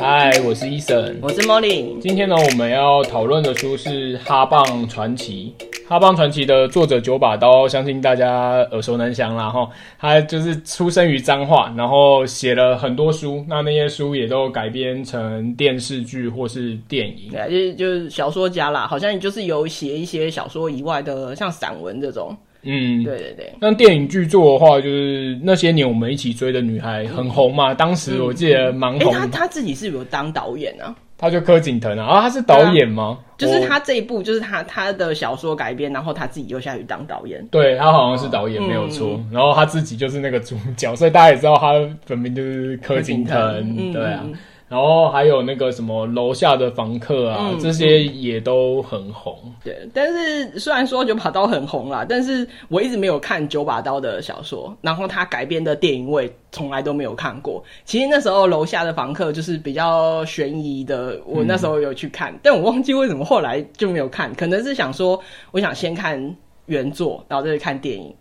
嗨，Hi, 我是伊、e、森，我是莫莉。今天呢，我們要討論的書是《哈棒傳奇》。《哈棒傳奇》的作者九把刀，相信大家耳熟能詳啦。哈，他就是出生於彰化，然後寫了很多書。那那些書也都改編成電視劇或是電影。對，就是就是小說家啦，好像就是有寫一些小說以外的，像散文這種。嗯，對對對。那電影劇作的話，就是那些年我們一起追的女孩很紅嘛，嗯、當時我記得蠻紅。她她、嗯嗯欸、自己是有當導演啊？她就柯景騰啊？然、啊、後她是導演嗎？啊、我就是她這一部，就是她她的小說改編，然後她自己又下去當導演。對她好像是導演、呃、沒有錯，嗯、然後她自己就是那個主角，所以大家也知道她本名就是柯景騰，景騰嗯、對啊。嗯然後還有那個什麼樓下的房客啊，嗯、這些也都很紅。對，但是雖然說九把刀很紅啦，但是我一直沒有看九把刀的小說，然後他改編的電影我也從來都沒有看過。其實那時候樓下的房客就是比較懸疑的，我那時候有去看，嗯、但我忘記為什麼後來就沒有看，可能是想說我想先看原作，然後再去看電影。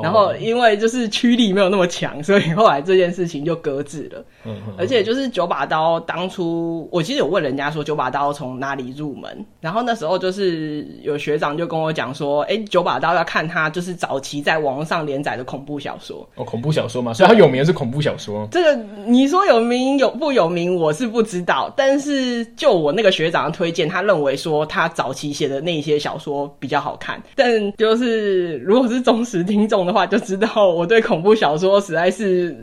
然後，因為就是驅力沒有那麼強，所以後來這件事情就擱置了。嗯哼嗯。而且，就是九把刀當初，我其實有問人家說九把刀從哪裡入門。然後那時候就是有學長就跟我講說，哎，九把刀要看他就是早期在網絡上連載的恐怖小說哦，恐怖小說嘛，所以他有名是恐怖小說。這個你說有名有不有名？我是不知道。但是就我那個學長的推薦，他認為說他早期寫的那些小說比較好看。但就是如果是忠實聽眾，的話就知道我對恐怖小說實在是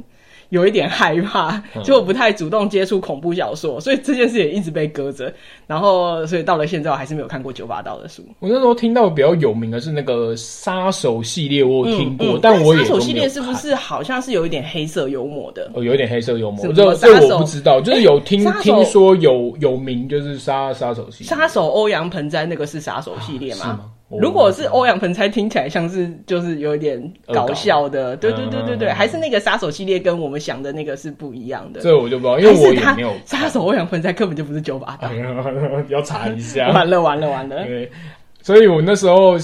有一點害怕，嗯、就我不太主動接觸恐怖小說，所以這件事也一直被擱着。然後，所以到了現在我還是沒有看過《九把刀》的書。我那時候聽到比較有名的是那個殺手系列，我有聽過，嗯嗯、但我也殺手系列是不是好像是有一點黑色幽默的哦，有一點黑色幽默。手這這我不知道。欸、就是有聽手聽說有有名，就是殺殺手系殺手歐陽盆栽那個是殺手系列嗎？啊，是嗎？如果是歐陽盆栽，聽起來像是就是有點搞笑的，對對對對對，嗯、還是那個殺手系列，跟我們想的那個是不一樣的，所以我就不知道，因為我沒有殺手歐陽盆栽根本就不是九把刀，哎、要查一下，完了完了完了，完了完了對，所以我那時候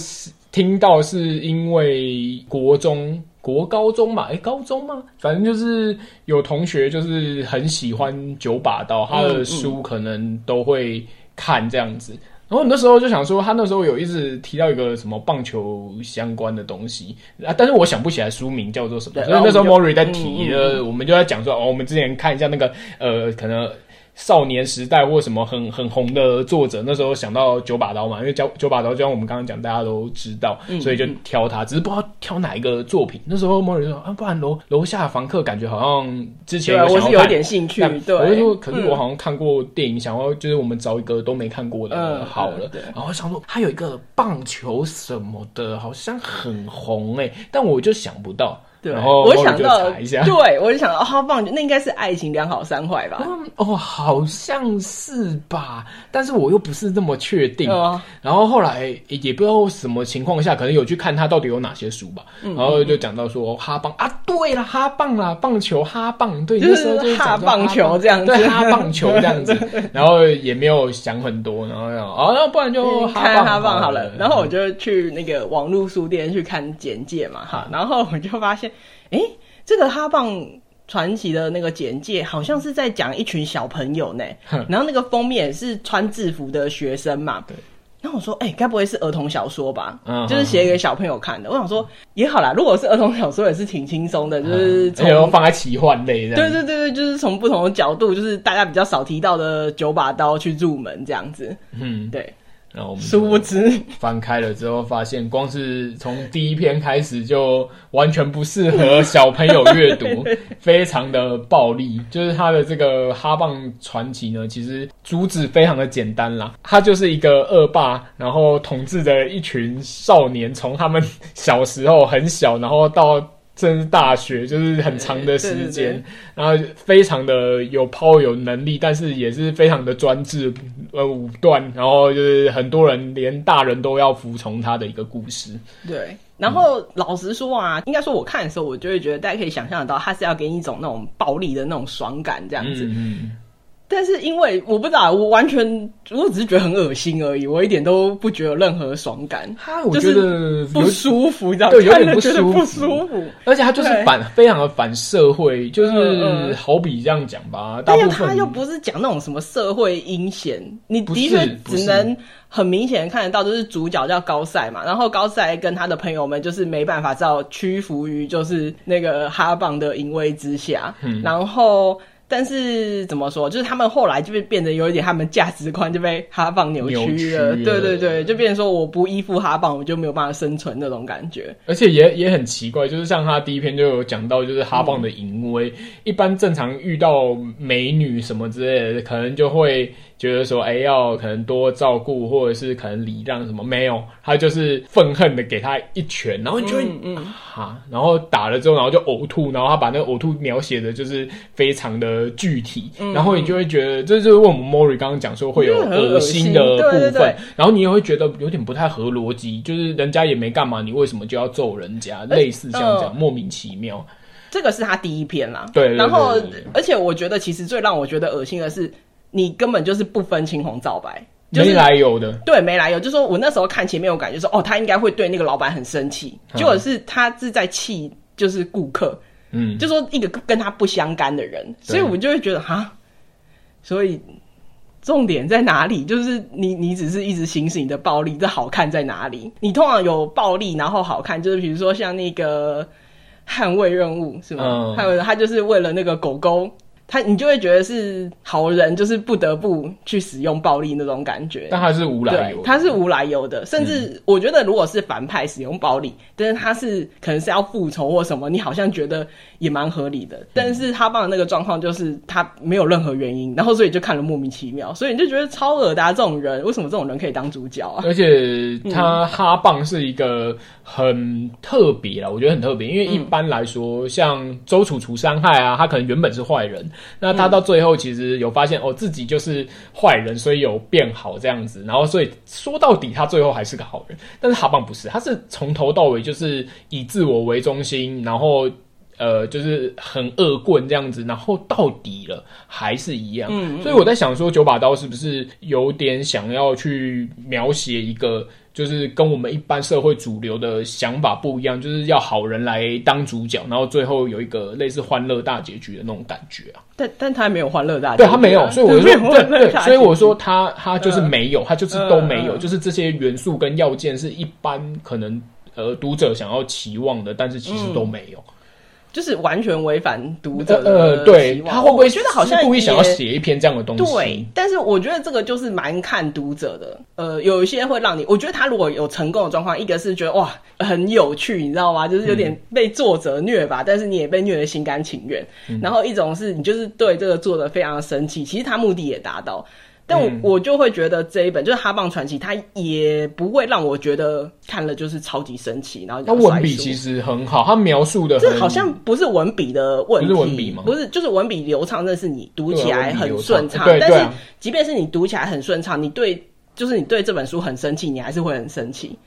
聽到是因為國中國高中嘛，哎、欸、高中嗎？反正就是有同學就是很喜歡九把刀，嗯、他的書可能都會看這樣子。然後那時候就想說，他那時候有一直提到一個什麼棒球相關的東西，啊、但是我想不起來書名叫做什麼。所以那時候莫瑞在提，呃、嗯，我們就在講說，嗯、哦，我們之前看一下那個，呃，可能。少年時代或什麼很很紅的作者，那時候想到九把刀嘛，因為九九把刀就像我們剛剛講，大家都知道，所以就挑他，嗯、只是不知道挑哪一個作品。嗯、那時候某人說啊，不然樓樓下房客感覺好像之前對我，我是有一點興趣，對，我就說，對可是我好像看過電影，嗯、想要就是我們找一個都沒看過的，嗯、好了，然後我想說還有一個棒球什麼的，好像很紅哎，但我就想不到。然後我想到，對我就想到哈棒，那應該是愛情兩好三壞吧？哦，好像是吧，但是我又不是那麼確定。然後後來也不知道什麼情況下，可能有去看他到底有哪些書吧。然後就講到說哈棒啊，對了，哈棒啦，棒球哈棒，對，就是哈棒球這樣，對，哈棒球這樣子。然後也沒有想很多，然後哦，那不然就看哈棒好了。然後我就去那個網絡書店去看簡介嘛，哈，然後我就發現。哎，這個《哈棒傳奇》的那個簡介好像是在講一群小朋友呢，哼然後那個封面是穿制服的學生嘛。對，然後我說，哎，該不會是兒童小說吧？嗯哼哼，就是寫給小朋友看的。我想說也好啦，如果是兒童小說，也是挺輕鬆的，就是從。然後、嗯、放在奇幻類的。對對對，就是從不同的角度，就是大家比較少提到的九把刀去入門這樣子。嗯，對。然後我們殊不知，翻開了之後發現，光是從第一篇開始就完全不適合小朋友閱讀， 非常的暴力。就是他的這個《哈棒傳奇》呢，其實主旨非常的簡單啦，他就是一個惡霸，然後統治着一群少年，從他們小時候很小，然後到。甚至大學就是很長的時間，對對對，然後非常的有拋有能力，但是也是非常的專制呃武斷，然後就是很多人連大人都要服從他的一個故事。對，然後老實說啊，嗯、應該說我看的時候，我就會覺得大家可以想象到他是要給你一種那種暴力的那種爽感這樣子。嗯。嗯但是因為我不知道，我完全我只是覺得很惡心而已，我一點都不覺得有任何爽感。他我覺得不舒服，你知道嗎？有點不舒服，不舒服。而且他就是反，對非常的反社會，就是、嗯嗯、好比這樣講吧。但是、嗯、他又不是講那種什麼社會陰險，你的確只能很明顯的看得到，就是主角叫高賽嘛。然後高賽跟他的朋友們就是沒辦法，照屈服於就是那個哈棒的淫威之下。嗯，然後。但是怎麼說，就是他們後來就變得有一點，他們價值觀就被哈棒扭曲了。扭曲了。對對對，就變成說，我不依附哈棒，我就沒有辦法生存那種感覺。而且也也很奇怪，就是像他第一篇就有講到，就是哈棒的淫威，嗯、一般正常遇到美女什麼之類的，可能就會。覺得說，哎、欸，要可能多照顧，或者是可能禮讓什麼？沒有，他就是憤恨的給他一拳，然後你就會，啊、嗯嗯，然後打了之後，然後就嘔吐，然後他把那個嘔吐描寫的就是非常的具體，嗯、然後你就會覺得，這就是為我們莫瑞剛剛講說會有噁心的部分，對對對，然後你也會覺得有點不太合邏輯，就是人家也沒幹嘛，你為什麼就要揍人家？欸、類似像這樣講，呃、莫名其妙。這個是他第一篇啦、啊，對，對，對，對，對，然後而且我覺得其實最讓我覺得噁心的是。你根本就是不分青紅皂白，就是、沒來由的。對，沒來由。就說我那時候看前面，我感覺說，哦，他應該會對那個老闆很生氣。嗯、結果是他是在氣就是顧客，嗯，就說一個跟他不相干的人，對所以我就會覺得哈。所以重點在哪裡？就是你，你只是一直行使你的暴力，這好看在哪裡？你通常有暴力，然後好看，就是比如說像那個捍衛任務是嗎？還有、嗯、他就是為了那個狗狗。他你就會覺得是好人，就是不得不去使用暴力那種感覺。但他是無來由，他是無來由的。嗯、甚至我覺得，如果是反派使用暴力，但是他是可能是要復仇或什麼，你好像覺得也蠻合理的。但是哈棒的那個狀況就是他沒有任何原因，然後所以就看了莫名其妙，所以你就覺得超惡的這種人，為什麼這種人可以當主角啊？而且他哈棒是一個很特別啦，我覺得很特別，因為一般來說、嗯、像周處除三害啊，他可能原本是壞人。那他到最後其實有發現，嗯，哦，自己就是壞人，所以有變好這樣子，然後所以說到底他最後還是個好人，但是哈棒不是，他是從頭到尾就是以自我為中心，然後呃就是很惡棍這樣子，然後到底了還是一樣，嗯，所以我在想說九把刀是不是有點想要去描寫一個。就是跟我們一般社會主流的想法不一樣，就是要好人來當主角，然後最後有一個類似歡樂大結局的那種感覺。啊。但但他還沒有歡樂大結局啊。對，他沒有，所以我說對，所以我說他他就是沒有，呃、他就是都沒有，呃、就是這些元素跟要件是一般可能呃讀者想要期望的，但是其實都沒有。嗯就是完全違反讀者的呃，、哦、呃，對他會不會覺得好像故意想要寫一篇這樣的東西、哦？對，但是我覺得這個就是蠻看讀者的。呃，有一些會讓你，我覺得他如果有成功的狀況，一個是覺得哇很有趣，你知道嗎？就是有點被作者虐吧，嗯、但是你也被虐的心甘情願。嗯、然後一種是你就是對這個做的非常生氣，其實他目的也達到。但我就會覺得這一本，嗯、就是《哈棒傳奇》，它也不會讓我覺得看了就是超級神奇。然後那文筆其實很好，它描述的這好像不是文筆的問題，不是文筆嗎？不是，就是文筆流暢，那是你讀起來很順暢。對啊，文筆流暢。對，但是，對啊，即便是你讀起來很順暢，你對就是你對這本書很生氣，你還是會很生氣。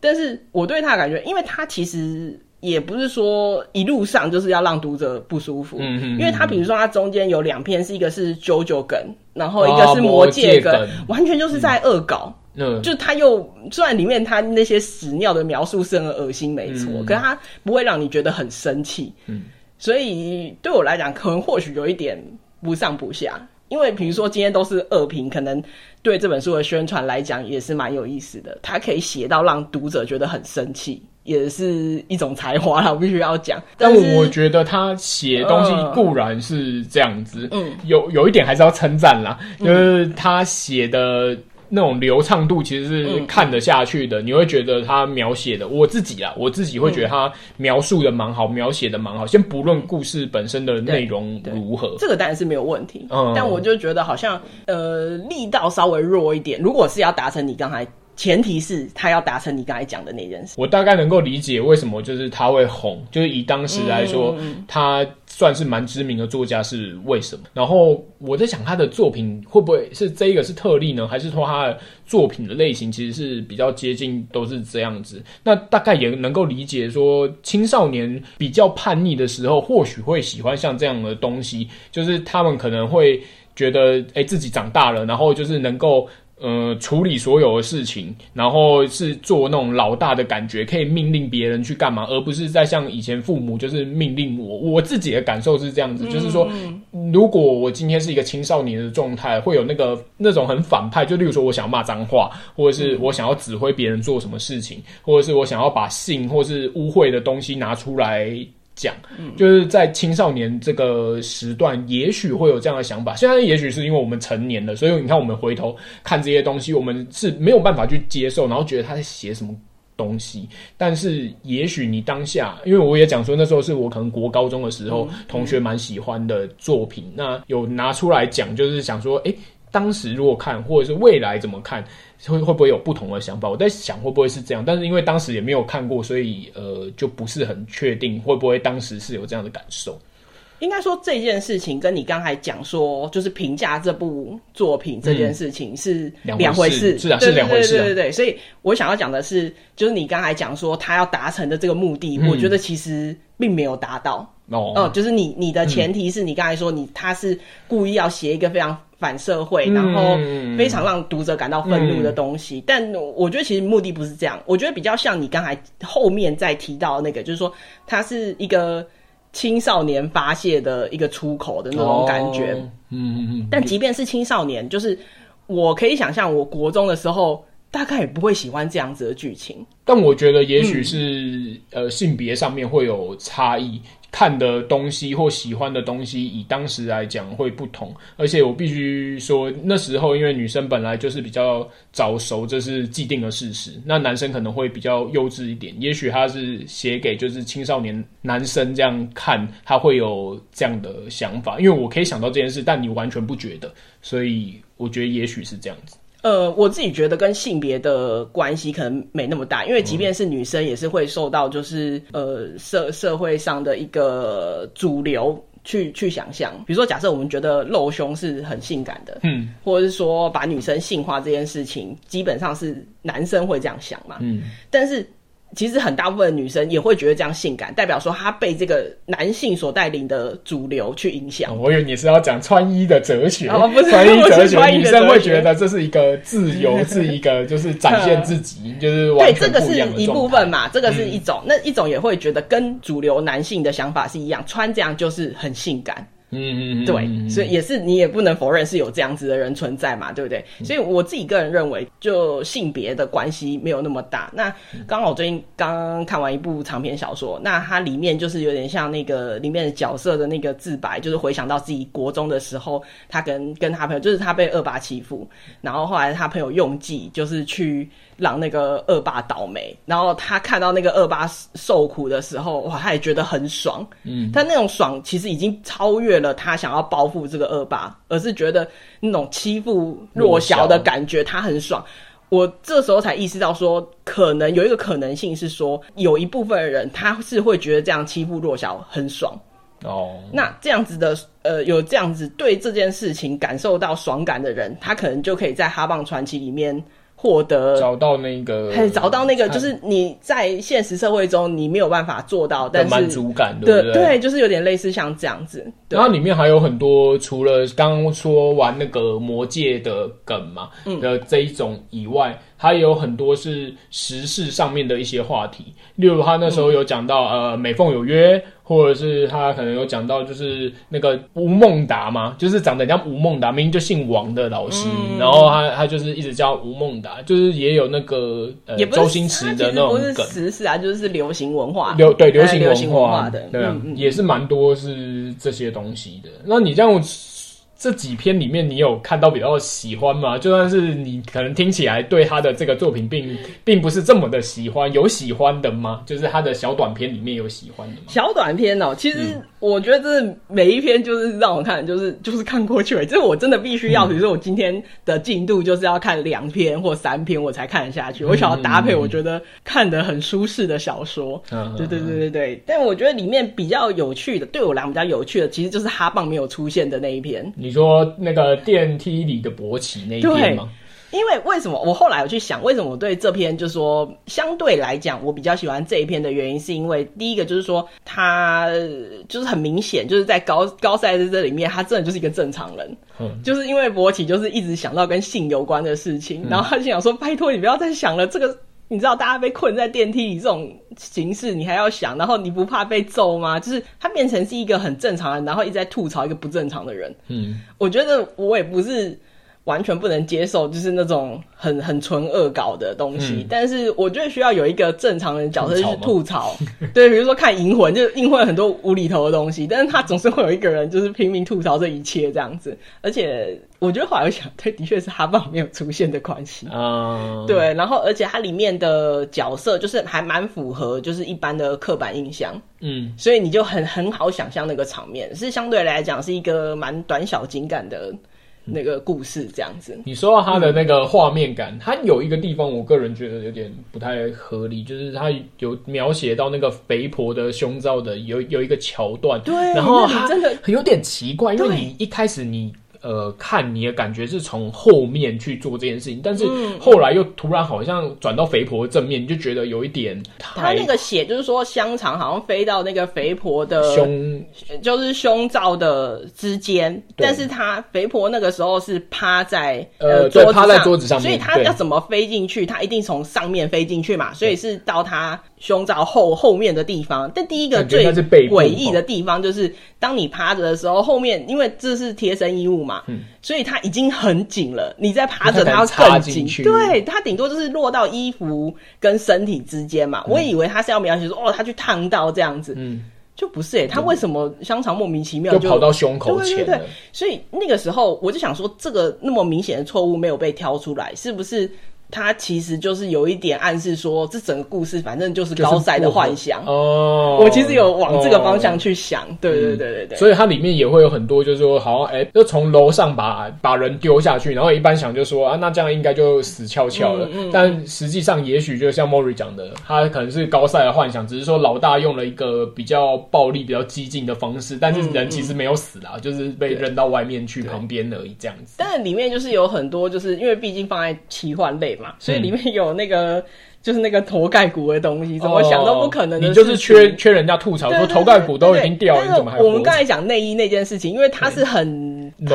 但是我對他的感覺，因為他其實，也不是說一路上就是要讓讀者不舒服，嗯哼嗯，因為他比如說他中間有兩篇是一個是九九梗，然後一個是魔戒梗。哦、魔戒梗完全就是在惡搞，嗯，就他又雖然裡面他那些屎尿的描述是很惡心，沒錯，嗯、可是他不會讓你覺得很生氣，嗯，所以對我來講可能或許有一點不上不下，因為比如說今天都是惡評，可能對這本書的宣傳來講也是蠻有意思的，他可以寫到讓讀者覺得很生氣。也是一種才華啦，我必須要講。但，但我覺得他寫東西固然是這樣子，嗯，有有一點還是要稱讚啦，嗯、就是他寫的那種流暢度其實是看得下去的。嗯、你會覺得他描寫的，我自己啦，我自己會覺得他描述的蠻好，嗯、描寫的蠻好。先不論故事本身的內容如何，這個當然是沒有問題。嗯，但我就覺得好像呃力道稍微弱一點。如果是要達成你剛才。前提是他要達成你剛才講的那件事。我大概能夠理解為什麼就是他會紅，就是以當時來說，嗯、他算是蠻知名的作家是為什麼。然後我在想他的作品會不會是這一個是特例呢？還是說他的作品的類型其實是比較接近都是這樣子？那大概也能夠理解說青少年比較叛逆的時候，或許會喜歡像這樣的東西，就是他們可能會覺得誒、欸，自己長大了，然後就是能夠。呃，處理所有的事情，然後是做那種老大的感覺，可以命令別人去幹嘛，而不是再像以前父母就是命令我。我自己的感受是這樣子，嗯嗯，就是說，如果我今天是一個青少年的狀態，會有那個那種很反派，就例如說，我想罵髒話，或者是我想要指揮別人做什麼事情，或者是我想要把性或是污穢的東西拿出來。講，就是在青少年這個時段，也許會有這樣的想法。現在也許是因為我們成年了，所以你看，我們回頭看這些東西，我們是沒有辦法去接受，然後覺得他在寫什麼東西。但是，也許你當下，因為我也講說，那時候是我可能國高中的時候，同學蠻喜歡的作品，那有拿出來講，就是想說，誒。當時如果看，或者是未來怎麼看，會會不會有不同的想法？我在想會不會是這樣，但是因為當時也沒有看過，所以呃，就不是很確定會不會當時是有這樣的感受。應該說這件事情跟你剛才講說，就是評價這部作品這件事情是兩回事，、嗯、兩回事，是啊、啊、是兩回事。對對，對對對。啊、所以我想要講的是，就是你剛才講說他要達成的這個目的，嗯、我覺得其實並沒有達到哦、呃。就是你你的前提是你剛才說、嗯、你他是故意要寫一個非常。反社會，然後非常讓讀者感到憤怒的東西。嗯嗯、但我覺得其實目的不是這樣，我覺得比較像你剛才後面再提到那個，就是說它是一個青少年發洩的一個出口的那種感覺。嗯嗯、哦、嗯。但即便是青少年，嗯、就是我可以想象，我國中的時候。大概也不會喜歡這樣子的劇情，但我覺得也許是、嗯、呃性別上面會有差異，看的東西或喜歡的東西，以當時來講會不同。而且我必須說，那時候因為女生本來就是比較早熟，這是既定的事實。那男生可能會比較幼稚一點，也許他是寫給就是青少年男生這樣看，他會有這樣的想法。因為我可以想到這件事，但你完全不覺得，所以我覺得也許是這樣子。呃，我自己覺得跟性別的關係可能沒那麼大，因為即便是女生也是會受到就是、嗯、呃社社會上的一個主流去去想象，比如說假設我們覺得露胸是很性感的，嗯，或者是說把女生性化這件事情，基本上是男生會這樣想嘛，嗯，但是。其實很大部分女生也會覺得這樣性感，代表說她被這個男性所帶領的主流去影響。哦，我以為你是要講穿衣的哲學，哦，不是穿衣哲學，哲學，女生會覺得這是一個自由， 是一個就是展現自己， 就是玩的。對，這個是一部分嘛，這個是一種，嗯、那一種也會覺得跟主流男性的想法是一樣，穿這樣就是很性感。嗯， 對，所以也是你也不能否認是有這樣子的人存在嘛，對不對？所以我自己個人認為，就性別的關係沒有那麼大。那剛好最近剛看完一部長篇小說，那它裡面就是有點像那個裡面的角色的那個自白，就是回想到自己國中的時候，他跟跟他朋友，就是他被惡霸欺負，然後後來他朋友用計，就是去。讓那個惡霸倒霉，然後他看到那個惡霸受苦的時候，哇，他也覺得很爽。嗯，但那種爽其實已經超越了他想要報復這個惡霸，而是覺得那種欺負弱小的感覺弱小他很爽。我這時候才意識到說，說可能有一個可能性是說，有一部分的人他是會覺得這樣欺負弱小很爽。哦，那這樣子的，呃，有這樣子對這件事情感受到爽感的人，他可能就可以在《哈棒傳奇》裡面。獲得找到那個，找到那個就是你在現實社會中你沒有辦法做到的但是滿足感對對，不對，對，就是有點類似像這樣子。然後裡面還有很多除了剛說完那個魔界的梗嘛、嗯、的這一種以外，還有很多是時事上面的一些話題，例如他那時候有講到、嗯、呃美鳳有約。或者是他可能有講到，就是那個吳孟達嘛，就是長得像吳孟達，明明就姓王的老師，嗯、然後他他就是一直叫吳孟達，就是也有那個呃周星馳的那種梗，不是時事啊，就是流行文化，流對流行，流行文化的，對、嗯嗯、也是蠻多是這些東西的。那你這樣。這幾篇裡面，你有看到比較喜歡嗎？就算是你可能聽起來對他的這個作品並並不是這麼的喜歡，有喜歡的嗎？就是他的小短片裡面有喜歡的嗎？小短片哦，其實我覺得這是每一篇就是讓我看，就是就是看過去而已，其實我真的必須要，嗯、比如說我今天的進度就是要看兩篇或三篇，我才看得下去。嗯、我想要搭配，我覺得看得很舒適的小說。嗯，對，對對對對對。嗯、但我覺得裡面比較有趣的，對我來講比較有趣的，其實就是哈棒沒有出現的那一篇。嗯你說那個電梯裡的勃起那一篇嗎？對，因為為什麼我後來我去想，為什麼我對這篇就是說，相對來講我比較喜歡這一篇的原因，是因為第一個就是說，他就是很明顯就是在高高賽在這裡面，他真的就是一個正常人，嗯，就是因為勃起就是一直想到跟性有關的事情，然後他就想說，嗯、拜託你不要再想了，這個。你知道大家被困在電梯裡這種形式，你還要想，然後你不怕被揍嗎？就是他變成是一個很正常的人，然後一直在吐槽一個不正常的人。嗯，我覺得我也不是。完全不能接受，就是那種很很純惡搞的東西。嗯、但是我覺得需要有一個正常人角色去吐槽，吐槽 對，比如說看《銀魂》，就是銀魂很多無厘頭的東西，但是他總是會有一個人就是拼命吐槽這一切這樣子。而且我覺得後來我想，對，的確是哈棒沒有出現的關係啊。嗯、對，然後而且它裡面的角色就是還蠻符合就是一般的刻板印象，嗯，所以你就很很好想象那個場面。是相對來講是一個蠻短小精幹的。那個故事這樣子，你說到他的那個畫面感，嗯，他有一個地方，我個人覺得有點不太合理，就是他有描寫到那個肥婆的胸罩的有，有有一個橋段，對，然後他真的很有點奇怪，因為你一開始你。呃，看你的感覺是從後面去做這件事情，但是後來又突然好像轉到肥婆的正面，嗯，你就覺得有一點。他那個寫就是說，香腸好像飛到那個肥婆的胸，就是胸罩的之間，對但是他肥婆那個時候是趴在呃，趴在桌子上面，所以他要怎麼飛進去？對他一定從上面飛進去嘛，所以是到他胸罩後後面的地方。但第一個最詭異的地方就是，當你趴着的時候，後面因為這是貼身衣物嘛。嗯。所以他已經很緊了，你在爬着，他要插進去。對，他頂多就是落到衣服跟身體之間嘛。嗯、我以為他是要描寫說哦，他去燙到這樣子，嗯，就不是誒、欸。他為什麼香腸莫名其妙就，就跑到胸口前？對對，對對，所以那個時候我就想說，這個那麼明顯的錯誤沒有被挑出來，是不是？他其實就是有一點暗示說，這整個故事反正就是高賽的幻想、就是、哦。我其實有往這個方向去想，哦、對對對對對，對、嗯。所以它裡面也會有很多，就是說好像哎、欸，就從樓上把把人丟下去，然後一般想就說啊，那這樣應該就死翹翹了。嗯嗯、但實際上也許就像莫瑞講的，他可能是高賽的幻想，只是說老大用了一個比較暴力、比較激進的方式，但是人其實沒有死啊，嗯嗯、就是被扔到外面去旁邊而已這樣子。但裡面就是有很多，就是因為畢竟放在奇幻類。所以裡面有那個、嗯、就是那個頭蓋骨的東西，怎麼想都不可能、哦。你就是缺缺人家吐槽，對對對，說頭蓋骨都已經掉了，對對對，你怎麼還？那個，我們剛才講內衣那件事情，因為它，是很很，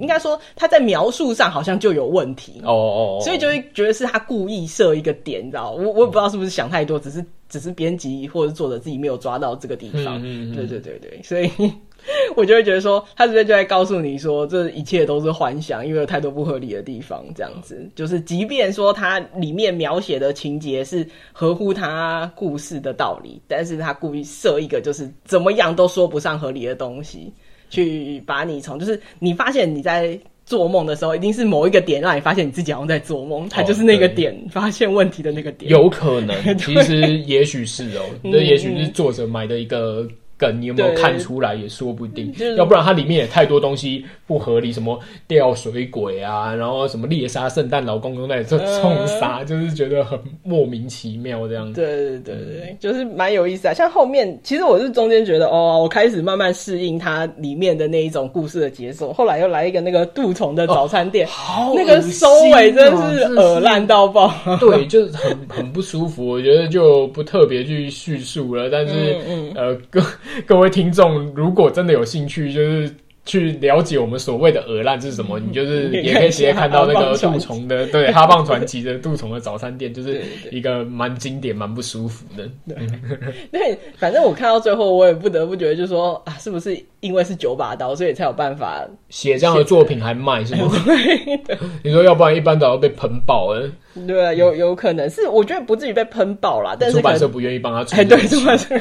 應該說它在描述上好像就有問題哦哦，oh, oh, oh, oh. 所以就會覺得是他故意設一個點，你知道？我我也不知道是不是想太多，oh. 只是。只是編輯或者作者自己沒有抓到這個地方，嗯嗯嗯對對對對，所以 我就會覺得說，他直接就在告訴你說，這一切都是幻想，因為有太多不合理的地方。這樣子，就是即便說他裡面描寫的情節是合乎他故事的道理，但是他故意設一個就是怎麼樣都說不上合理的東西，去把你從就是你發現你在。做夢的時候，一定是某一個點讓你發現你自己好像在做夢，它、哦、就是那個點對發現問題的那個點。有可能， 對其實也許是哦、喔，那 也許是作者埋的一個。梗，你有沒有看出來也說不定，就是、要不然它裡面也太多東西不合理，什麼掉水鬼啊，然後什麼獵殺聖誕老公公在這衝殺，呃、就是覺得很莫名其妙這樣子，對對對，嗯、就是蠻有意思啊。像後面其實我是中間覺得哦，我開始慢慢適應它裡面的那一種故事的節奏，後來又來一個那個杜蟲的早餐店，哦啊、那個收尾真的是耳爛到爆，對，就是很很不舒服。 我覺得就不特別去敘述了，但是、嗯嗯、呃更各位聽眾，如果真的有興趣，就是去了解我們所謂的“鵝爛”是什麼，嗯、你就是也可以直接看到那個杜蟲的，對，哈棒傳奇，奇的杜蟲的早餐店，對對對，就是一個蠻經典，蠻不舒服的。對， 對，反正我看到最後，我也不得不覺得，就是說啊，是不是因為是九把刀，所以才有辦法寫這樣的作品還賣？是嗎？ 對對，你說要不然一般都要被噴爆了？哎，對，有有可能是，我覺得不至於被噴爆啦，但是出版社不願意幫他出，欸、對，出版社。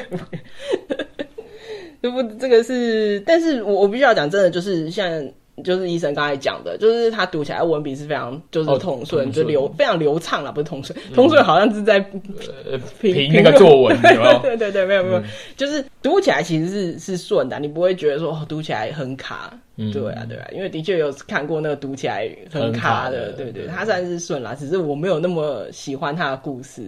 不，這個是，但是我我必須要講，真的就是像，就是醫生剛才講的，就是他讀起來的文筆是非常，就是通順，哦、通順就流非常流暢啦，不是通順，通順、嗯、好像是在評、呃、評那個作文有沒有， 對對對，沒有沒有，沒有，嗯、就是讀起來其實是是順的、啊，你不會覺得說、哦、讀起來很卡，嗯、對啊對啊，因為的確有看過那個讀起來很卡的，卡的對，對對，對對對，他算是順啦，只是我沒有那麼喜歡他的故事。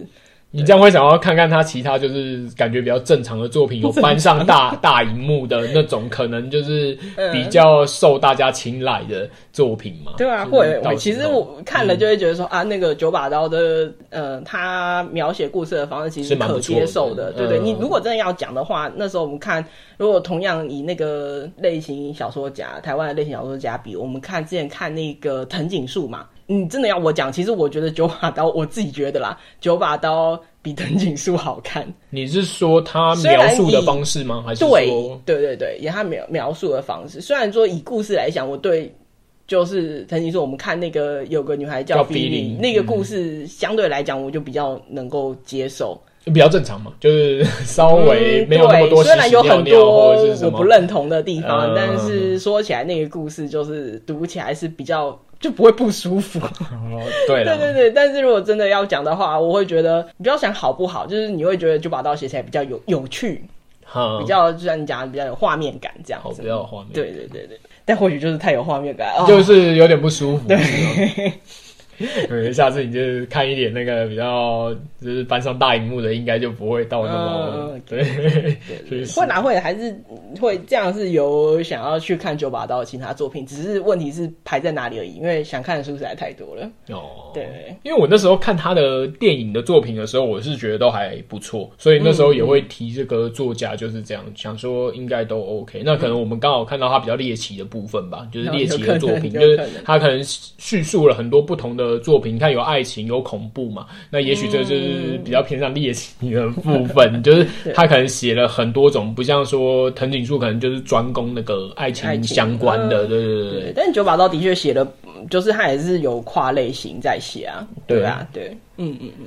對你這樣會想要看看他其他，就是感覺比較正常的作品，有搬上大正常 大熒幕的那種， 可能就是比較受大家青睞的作品嘛？對啊、嗯，會。其實我看了就會覺得說、嗯、啊，那個九把刀的，呃，他描寫故事的方式其實是蠻可接受的，的對，對對？嗯、你如果真的要講的話，那時候我們看，如果同樣以那個類型小說家，台灣的類型小說家比，我們看之前看那個藤井樹嘛。你、嗯、真的要我講？其實我覺得九把刀，我自己覺得啦，九把刀比藤井樹好看。你是說他描述的方式嗎？還是說對，對對對也他描描述的方式。雖然說以故事來講，我對就是藤井樹，我們看那個有個女孩叫 Feeling，那個故事相對來講，我就比較能夠接受，嗯、比較正常嘛，就是稍微沒有那麼多、嗯，雖然有很多我不認同的地方，嗯、但是說起來那個故事就是讀起來是比較。就不會不舒服，哦、對的， 對對對。但是如果真的要講的話，我會覺得你不要想好不好，就是你會覺得九把刀寫起來比較有有趣，嗯、比較就像你講的比較有畫面感這樣，比較有畫面感。對對對對，但或許就是太有畫面感，哦、就是有點不舒服。 對。 可 下次你就是看一點那個比較就是搬上大熒幕的，應該就不會到那麼。Uh, okay. 對，會拿會還是會這樣是有想要去看《九把刀》其他作品，只是問題是排在哪裡而已。因為想看的書實在太多了。哦，oh, 對，因為我那時候看他的電影的作品的時候，我是覺得都還不錯，所以那時候也會提這個作家就是這樣，嗯、想說應該都 OK、嗯。那可能我們剛好看到他比較獵奇的部分吧，嗯、就是獵奇的作品，就是他可能敘述了很多不同的。呃，作品你看有愛情有恐怖嘛？那也許這就是比較偏向獵奇的部分，嗯、就是他可能寫了很多種，不像說藤井樹可能就是專攻那個愛情相關的，愛情對對對，對。但九把刀的確寫的，就是他也是有跨類型在寫啊，對啊，對，嗯嗯嗯，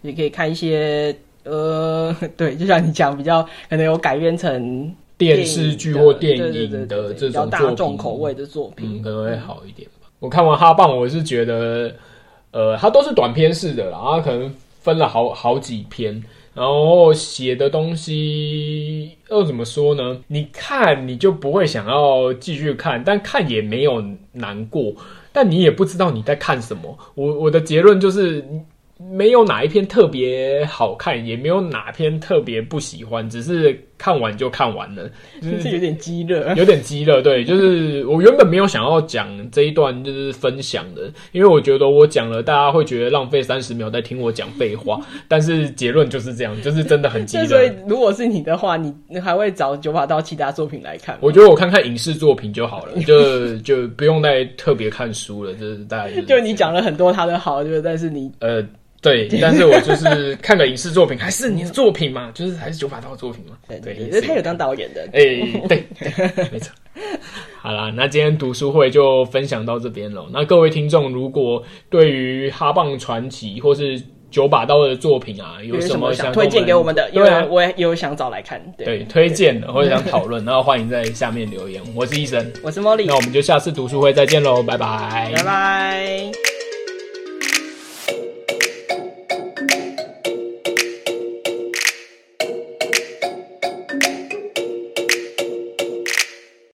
你、嗯嗯、可以看一些呃，對，就像你講，比較可能有改編成電視劇或電影的這種對對對對對，比較大眾口味的作品、嗯，可能會好一點。我看完《哈棒》，我是覺得，呃，它都是短篇式的，然後可能分了好好幾篇，然後寫的東西又怎麼說呢？你看你就不會想要繼續看，但看也沒有難過，但你也不知道你在看什麼。我我的結論就是，沒有哪一篇特別好看，也沒有哪篇特別不喜歡，只是。看完就看完了，就是，是有點激熱，有點激熱。對，就是我原本沒有想要講這一段，就是分享的，因為我覺得我講了，大家會覺得浪費三十秒在聽我講廢話。 但是結論就是這樣，就是真的很激熱。所以如果是你的話，你還會找九把刀其他作品來看？我覺得我看看影視作品就好了，就就不用再特別看書了。就是大家，就你講了很多他的好，就是但是你呃。對，但是我就是看個影視作品， 還是你的作品嘛，就是還是九把刀的作品嘛。對，因為他有當導演的。哎，對， 沒錯。好啦，那今天讀書會就分享到這邊嘍。那各位聽眾，如果對於《哈棒傳奇》或是九把刀的作品啊，有什麼，什麼想推薦給我們的？啊、因為我也有想找來看。對，對推薦的或者想討論， 然後歡迎在下面留言。我是醫生，我是莫莉。那我們就下次讀書會再見嘍，拜拜，拜拜。